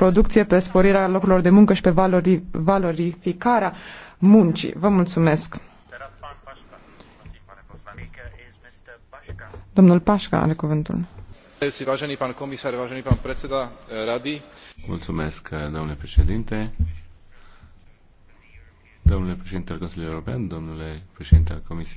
producție, pe sporirea locurilor de muncă și pe valori, valorificarea muncii. Vă mulțumesc! Domnul Pașca are cuvântul. Vážený pán komisár, vážený pán predseda eh, rady. Mulțumesc, eh, domnule președinte. Domnule președinte al Consiliului European, domnule președinte al Comisiei